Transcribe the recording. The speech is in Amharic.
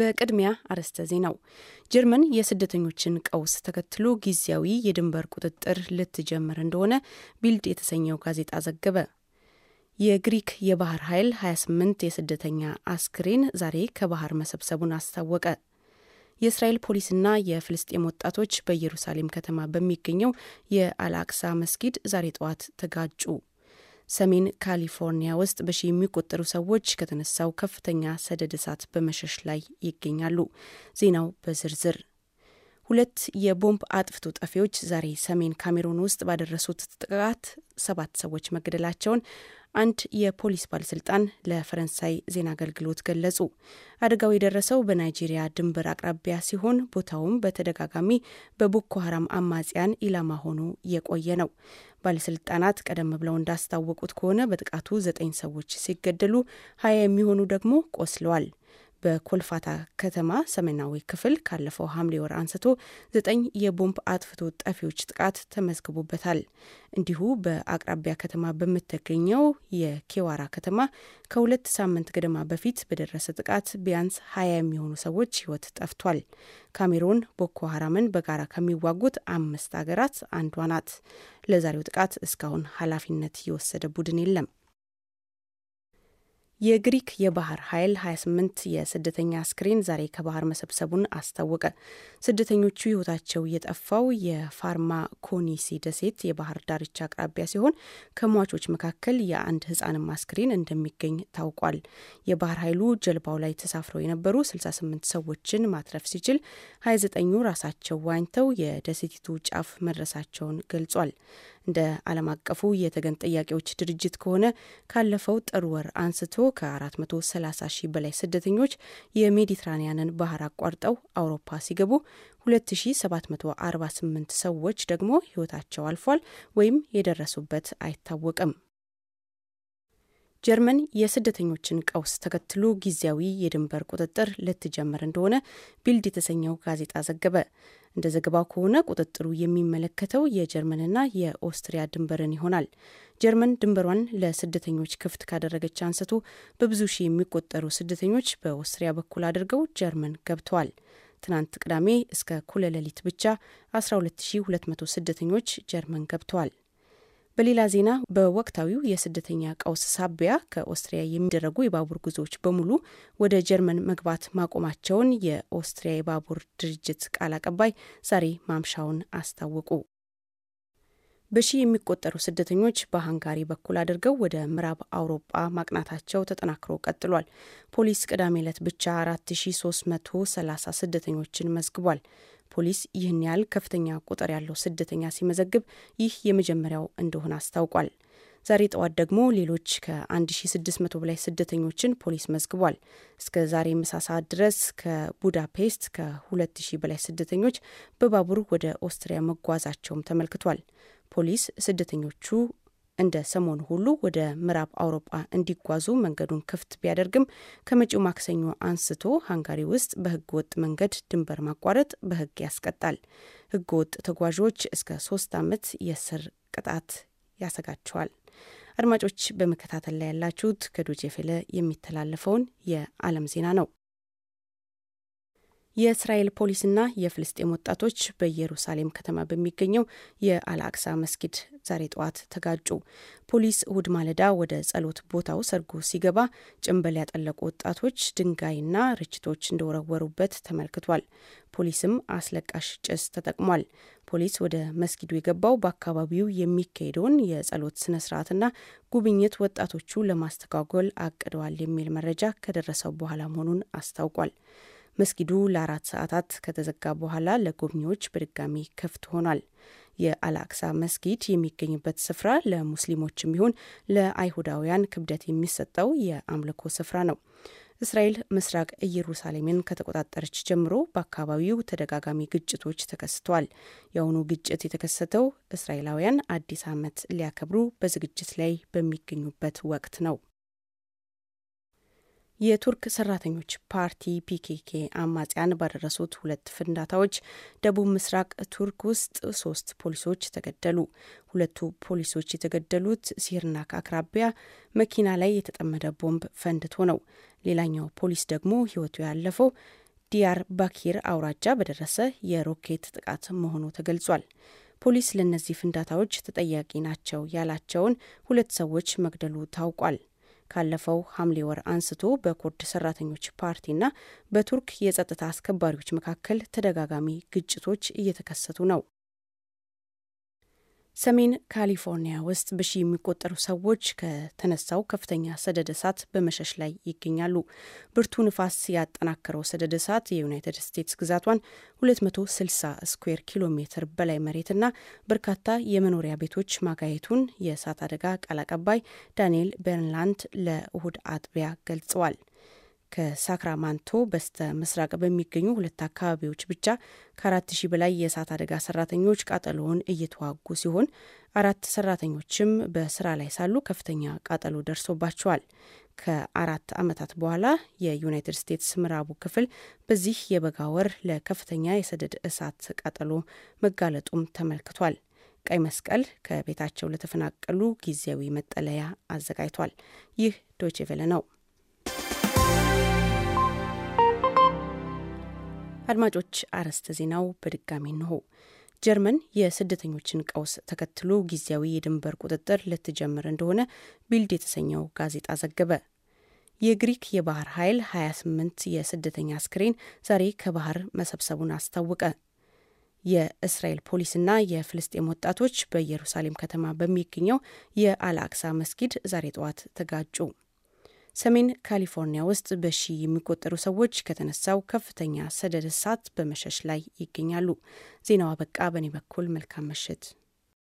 በቅድሚያ አርዕስተ ዜናው ጀርመን የስደተኞችን ቀውስ ተከትሎ ጊዜያዊ የድንበር ቁጥጥር ልትጀምር እንደሆነ ቢልድ የተሰኘው ጋዜጣ ዘገበ። የግሪክ የባህር ኃይል 28 የስደተኛ አስክሬን ዛሬ ከባህር መሰብሰቡን አስታወቀ። የእስራኤል ፖሊስና የፍልስጤም ወጣቶች በኢየሩሳሌም ከተማ በሚገኘው የአልአቅሳ መስጊድ ዛሬ ጠዋት ተጋጩ። ሰሜን ካሊፎርኒያ ውስጥ በሺ የሚቆጠሩ ሰዎች ከተነሳው ከፍተኛ ሰደድ እሳት በመሸሽ ላይ ይገኛሉ። ዜናው በዝርዝር ሁለት የቦምብ አጥፍቶ ጠፊዎች ዛሬ ሰሜን ካሜሩን ውስጥ ባደረሱት ጥቃት ሰባት ሰዎች መገደላቸውን አንድ የፖሊስ ባለስልጣን ለፈረንሳይ ዜና አገልግሎት ገለጹ። አደጋው የደረሰው በናይጄሪያ ድንበር አቅራቢያ ሲሆን ቦታውም በተደጋጋሚ በቦኮ ሀራም አማጽያን ኢላማ ሆኖ የቆየ ነው። ባለስልጣናት ቀደም ብለው እንዳስታወቁት ከሆነ በጥቃቱ ዘጠኝ ሰዎች ሲገደሉ ሀያ የሚሆኑ ደግሞ ቆስለዋል። በኮልፋታ ከተማ ሰሜናዊ ክፍል ካለፈው ሐምሌ ወር አንስቶ ዘጠኝ የቦምብ አጥፍቶ ጠፊዎች ጥቃት ተመዝግቦበታል። እንዲሁ በአቅራቢያ ከተማ በምትገኘው የኬዋራ ከተማ ከሁለት ሳምንት ገደማ በፊት በደረሰ ጥቃት ቢያንስ ሀያ የሚሆኑ ሰዎች ህይወት ጠፍቷል። ካሜሮን ቦኮ ሀራምን በጋራ ከሚዋጉት አምስት ሀገራት አንዷ ናት። ለዛሬው ጥቃት እስካሁን ኃላፊነት የወሰደ ቡድን የለም። የግሪክ የባህር ኃይል 28 የስደተኛ አስክሬን ዛሬ ከባህር መሰብሰቡን አስታወቀ። ስደተኞቹ ሕይወታቸው የጠፋው የፋርማ ኮኒሲ ደሴት የባህር ዳርቻ አቅራቢያ ሲሆን ከሟቾች መካከል የአንድ ሕፃንም አስክሬን እንደሚገኝ ታውቋል። የባህር ኃይሉ ጀልባው ላይ ተሳፍረው የነበሩ 68 ሰዎችን ማትረፍ ሲችል 29ኙ ራሳቸው ዋኝተው የደሴቲቱ ጫፍ መድረሳቸውን ገልጿል። እንደ ዓለም አቀፉ የተገን ጥያቄዎች ድርጅት ከሆነ ካለፈው ጥር ወር አንስቶ ከ430 ሺህ በላይ ስደተኞች የሜዲትራኒያንን ባህር አቋርጠው አውሮፓ ሲገቡ 2748 ሰዎች ደግሞ ሕይወታቸው አልፏል ወይም የደረሱበት አይታወቅም። ጀርመን የስደተኞችን ቀውስ ተከትሎ ጊዜያዊ የድንበር ቁጥጥር ልትጀምር እንደሆነ ቢልድ የተሰኘው ጋዜጣ ዘገበ። እንደ ዘገባው ከሆነ ቁጥጥሩ የሚመለከተው የጀርመንና የኦስትሪያ ድንበርን ይሆናል። ጀርመን ድንበሯን ለስደተኞች ክፍት ካደረገች አንስቶ በብዙ ሺህ የሚቆጠሩ ስደተኞች በኦስትሪያ በኩል አድርገው ጀርመን ገብተዋል። ትናንት ቅዳሜ እስከ እኩለ ብቻ 12200 ስደተኞች ጀርመን ገብተዋል። በሌላ ዜና በወቅታዊው የስደተኛ ቀውስ ሳቢያ ከኦስትሪያ የሚደረጉ የባቡር ጉዞዎች በሙሉ ወደ ጀርመን መግባት ማቆማቸውን የኦስትሪያ የባቡር ድርጅት ቃል አቀባይ ዛሬ ማምሻውን አስታወቁ። በሺ የሚቆጠሩ ስደተኞች በሃንጋሪ በኩል አድርገው ወደ ምዕራብ አውሮፓ ማቅናታቸው ተጠናክሮ ቀጥሏል። ፖሊስ ቅዳሜ ዕለት ብቻ 4330 ስደተኞችን መዝግቧል። ፖሊስ ይህን ያህል ከፍተኛ ቁጥር ያለው ስደተኛ ሲመዘግብ ይህ የመጀመሪያው እንደሆነ አስታውቋል። ዛሬ ጠዋት ደግሞ ሌሎች ከ1600 በላይ ስደተኞችን ፖሊስ መዝግቧል። እስከ ዛሬ ምሳ ሰዓት ድረስ ከቡዳፔስት ከ2000 በላይ ስደተኞች በባቡር ወደ ኦስትሪያ መጓዛቸውም ተመልክቷል። ፖሊስ ስደተኞቹ እንደ ሰሞኑ ሁሉ ወደ ምዕራብ አውሮፓ እንዲጓዙ መንገዱን ክፍት ቢያደርግም ከመጪው ማክሰኞ አንስቶ ሃንጋሪ ውስጥ በሕገ ወጥ መንገድ ድንበር ማቋረጥ በህግ ያስቀጣል። ሕገ ወጥ ተጓዦች እስከ ሶስት ዓመት የእስር ቅጣት ያሰጋቸዋል። አድማጮች በመከታተል ላይ ያላችሁት ከዶቼ ቬለ የሚተላለፈውን የዓለም ዜና ነው። የእስራኤል ፖሊስና የፍልስጤም ወጣቶች በኢየሩሳሌም ከተማ በሚገኘው የአልአክሳ መስጊድ ዛሬ ጠዋት ተጋጩ። ፖሊስ እሁድ ማለዳ ወደ ጸሎት ቦታው ሰርጎ ሲገባ ጭንበል ያጠለቁ ወጣቶች ድንጋይና ርችቶች እንደወረወሩበት ተመልክቷል። ፖሊስም አስለቃሽ ጭስ ተጠቅሟል። ፖሊስ ወደ መስጊዱ የገባው በአካባቢው የሚካሄደውን የጸሎት ስነ ስርዓትና ጉብኝት ወጣቶቹ ለማስተጓጎል አቅደዋል የሚል መረጃ ከደረሰው በኋላ መሆኑን አስታውቋል። መስጊዱ ለአራት ሰዓታት ከተዘጋ በኋላ ለጎብኚዎች በድጋሚ ክፍት ሆኗል። የአልአክሳ መስጊድ የሚገኝበት ስፍራ ለሙስሊሞችም ይሁን ለአይሁዳውያን ክብደት የሚሰጠው የአምልኮ ስፍራ ነው። እስራኤል ምስራቅ ኢየሩሳሌምን ከተቆጣጠረች ጀምሮ በአካባቢው ተደጋጋሚ ግጭቶች ተከስተዋል። የአሁኑ ግጭት የተከሰተው እስራኤላውያን አዲስ ዓመት ሊያከብሩ በዝግጅት ላይ በሚገኙበት ወቅት ነው። የቱርክ ሰራተኞች ፓርቲ ፒኬኬ አማጽያን ባደረሱት ሁለት ፍንዳታዎች ደቡብ ምስራቅ ቱርክ ውስጥ ሶስት ፖሊሶች ተገደሉ። ሁለቱ ፖሊሶች የተገደሉት ሲርናክ አቅራቢያ መኪና ላይ የተጠመደ ቦምብ ፈንድቶ ነው። ሌላኛው ፖሊስ ደግሞ ሕይወቱ ያለፈው ዲያር ባኪር አውራጃ በደረሰ የሮኬት ጥቃት መሆኑ ተገልጿል። ፖሊስ ለእነዚህ ፍንዳታዎች ተጠያቂ ናቸው ያላቸውን ሁለት ሰዎች መግደሉ ታውቋል። ካለፈው ሐምሌ ወር አንስቶ በኩርድ ሰራተኞች ፓርቲና በቱርክ የጸጥታ አስከባሪዎች መካከል ተደጋጋሚ ግጭቶች እየተከሰቱ ነው። ሰሜን ካሊፎርኒያ ውስጥ በሺ የሚቆጠሩ ሰዎች ከተነሳው ከፍተኛ ሰደድ እሳት በመሸሽ ላይ ይገኛሉ። ብርቱ ንፋስ ያጠናከረው ሰደድ እሳት የዩናይትድ ስቴትስ ግዛቷን 260 ስኩዌር ኪሎ ሜትር በላይ መሬትና በርካታ የመኖሪያ ቤቶች ማጋየቱን የእሳት አደጋ ቃል አቀባይ ዳንኤል በርንላንድ ለእሁድ አጥቢያ ገልጸዋል። ከሳክራማንቶ በስተ ምስራቅ በሚገኙ ሁለት አካባቢዎች ብቻ ከአራት ሺህ በላይ የእሳት አደጋ ሰራተኞች ቃጠሎውን እየተዋጉ ሲሆን አራት ሰራተኞችም በስራ ላይ ሳሉ ከፍተኛ ቃጠሎ ደርሶባቸዋል። ከአራት ዓመታት በኋላ የዩናይትድ ስቴትስ ምዕራቡ ክፍል በዚህ የበጋ ወር ለከፍተኛ የሰደድ እሳት ቃጠሎ መጋለጡም ተመልክቷል። ቀይ መስቀል ከቤታቸው ለተፈናቀሉ ጊዜያዊ መጠለያ አዘጋጅቷል። ይህ ዶይቼ ቬለ ነው። አድማጮች አርዕስተ ዜናው በድጋሚ እንሆ። ጀርመን የስደተኞችን ቀውስ ተከትሎ ጊዜያዊ የድንበር ቁጥጥር ልትጀምር እንደሆነ ቢልድ የተሰኘው ጋዜጣ ዘገበ። የግሪክ የባህር ኃይል 28 የስደተኛ አስክሬን ዛሬ ከባህር መሰብሰቡን አስታወቀ። የእስራኤል ፖሊስና የፍልስጤም ወጣቶች በኢየሩሳሌም ከተማ በሚገኘው የአልአክሳ መስጊድ ዛሬ ጠዋት ተጋጩ። ሰሜን ካሊፎርኒያ ውስጥ በሺ የሚቆጠሩ ሰዎች ከተነሳው ከፍተኛ ሰደድ እሳት በመሸሽ ላይ ይገኛሉ። ዜናው አበቃ። በእኔ በኩል መልካም ምሽት።